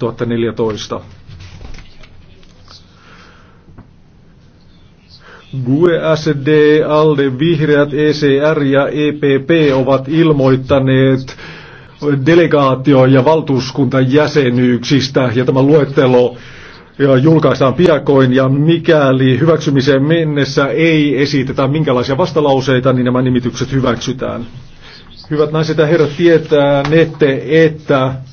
2014. GUE, SD, ALDE, Vihreät, ECR ja EPP ovat ilmoittaneet delegaatio- ja valtuuskuntajäsenyyksistä ja tämä luettelo julkaistaan piakoin ja mikäli hyväksymiseen mennessä ei esitetä minkälaisia vastalauseita, niin nämä nimitykset hyväksytään. Hyvät naiset ja herrat, tietää nette, että